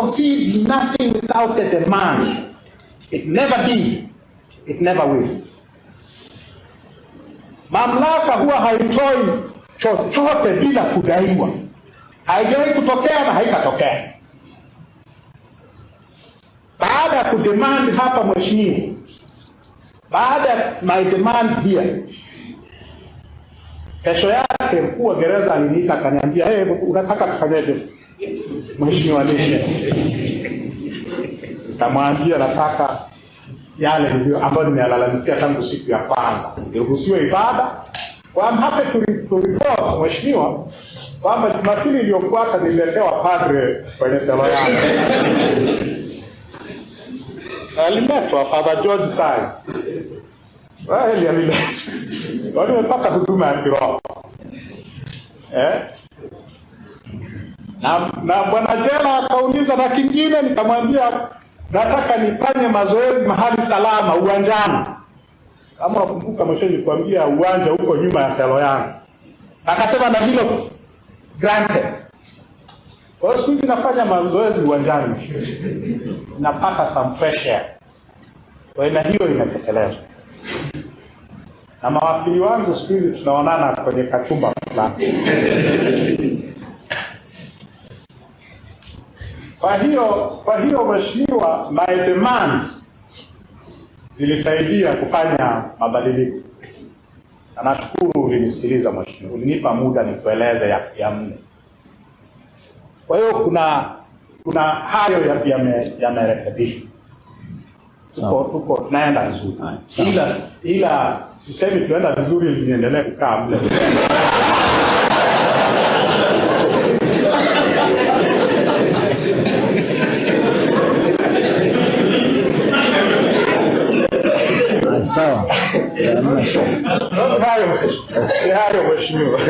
conceives nothing without a demand. It never did. It never will. Mamlaka huwa haitoi chochote bila kudaiwa. Haijawahi kutokea na haitatokea. Baada ya kudemand hapa, mheshimiwa, baada ya my demands here, kesho yake mkuu wa gereza aliniita akaniambia, hey, eh, unataka tufanyeje? Mheshimiwa Lishe nikamwambia nataka yale ndio ambayo nimeyalalamikia tangu siku ya kwanza, niruhusiwe ibada. Kwa mhape tulitoa mheshimiwa kwamba Jumapili iliyofuata nililetewa padre kwenye sala yangu aliletwa Father George Sai walimepata huduma ya kiroho eh? na, na bwana jela akauliza na kingine, nikamwambia nataka nifanye mazoezi mahali salama, uwanjani. Kama unakumbuka mwisho nilikwambia uwanja huko nyuma ya selo yangu. Akasema na hilo granted. Kwa hiyo siku hizi nafanya mazoezi uwanjani napata some fresh air. Kwa hiyo na hiyo inatekelezwa na mawakili wangu siku hizi tunaonana kwenye kachumba fulani Kwa hiyo kwa hiyo mheshimiwa, my demands zilisaidia kufanya mabadiliko. Nashukuru ulinisikiliza mheshimiwa, ulinipa muda nikueleze ya ya mne. Kwa hiyo kuna kuna hayo yamerekebishwa, tuko tuko tunaenda vizuri, ila ila sisemi tunaenda vizuri, niendelee kukaa mle sawa. Hayo yaani, yaani, mheshimiwa.